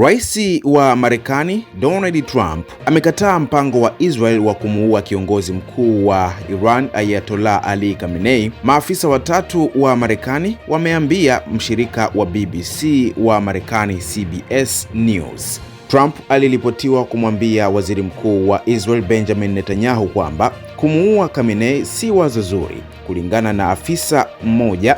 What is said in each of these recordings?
Rais wa Marekani Donald Trump amekataa mpango wa Israel wa kumuua kiongozi mkuu wa Iran Ayatollah Ali Khamenei. Maafisa watatu wa Marekani wameambia mshirika wa BBC wa Marekani CBS News. Trump aliripotiwa kumwambia Waziri Mkuu wa Israel Benjamin Netanyahu kwamba kumuua Khamenei si wazo zuri, kulingana na afisa mmoja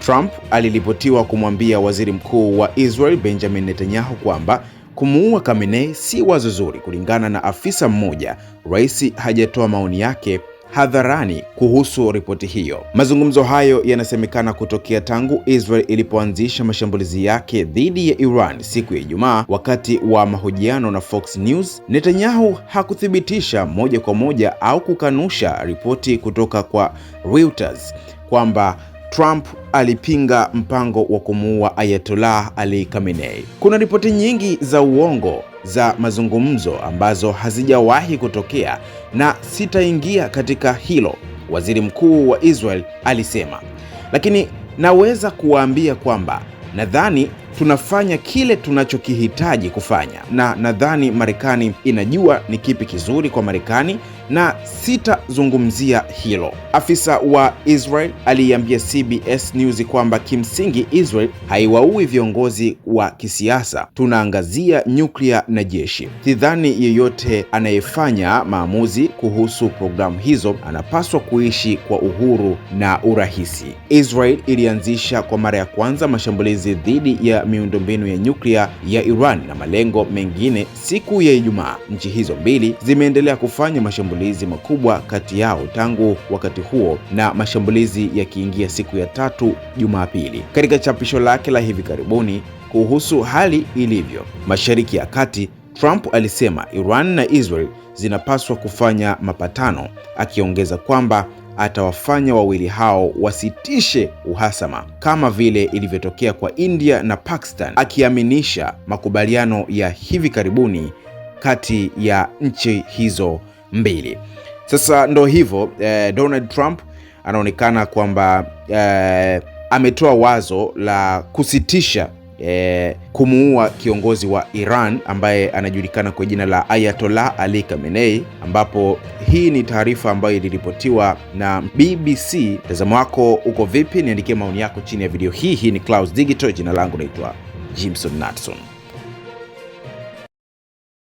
Trump aliripotiwa kumwambia waziri mkuu wa Israel Benjamin Netanyahu kwamba kumuua Khamenei si wazo zuri. Kulingana na afisa mmoja, rais hajatoa maoni yake hadharani kuhusu ripoti hiyo. Mazungumzo hayo yanasemekana kutokea tangu Israel ilipoanzisha mashambulizi yake dhidi ya Iran siku ya Ijumaa. Wakati wa mahojiano na Fox News, Netanyahu hakuthibitisha moja kwa moja au kukanusha ripoti kutoka kwa Reuters kwamba Trump alipinga mpango wa kumuua Ayatollah Ali Khamenei. Kuna ripoti nyingi za uongo za mazungumzo ambazo hazijawahi kutokea na sitaingia katika hilo, waziri mkuu wa Israel alisema, lakini naweza kuwaambia kwamba nadhani tunafanya kile tunachokihitaji kufanya, na nadhani Marekani inajua ni kipi kizuri kwa Marekani na sitazungumzia hilo. Afisa wa Israel aliiambia CBS News kwamba kimsingi Israel haiwaui viongozi wa kisiasa, tunaangazia nyuklia na jeshi. Sidhani yeyote anayefanya maamuzi kuhusu programu hizo anapaswa kuishi kwa uhuru na urahisi. Israel ilianzisha kwa mara ya kwanza mashambulizi dhidi ya miundombinu ya nyuklia ya Iran na malengo mengine siku ya Ijumaa. Nchi hizo mbili zimeendelea kufanya mashambulizi mashambulizi makubwa kati yao tangu wakati huo, na mashambulizi yakiingia siku ya tatu Jumapili. Katika chapisho lake la hivi karibuni kuhusu hali ilivyo Mashariki ya Kati, Trump alisema Iran na Israel zinapaswa kufanya mapatano, akiongeza kwamba atawafanya wawili hao wasitishe uhasama kama vile ilivyotokea kwa India na Pakistan, akiaminisha makubaliano ya hivi karibuni kati ya nchi hizo mbili. Sasa ndo hivyo eh, Donald Trump anaonekana kwamba eh, ametoa wazo la kusitisha eh, kumuua kiongozi wa Iran ambaye anajulikana kwa jina la Ayatollah Ali Khamenei, ambapo hii ni taarifa ambayo iliripotiwa na BBC. Mtazamo wako uko vipi? Niandikie maoni yako chini ya video hii. Hii ni Clouds Digital, jina langu naitwa Jimson Natson.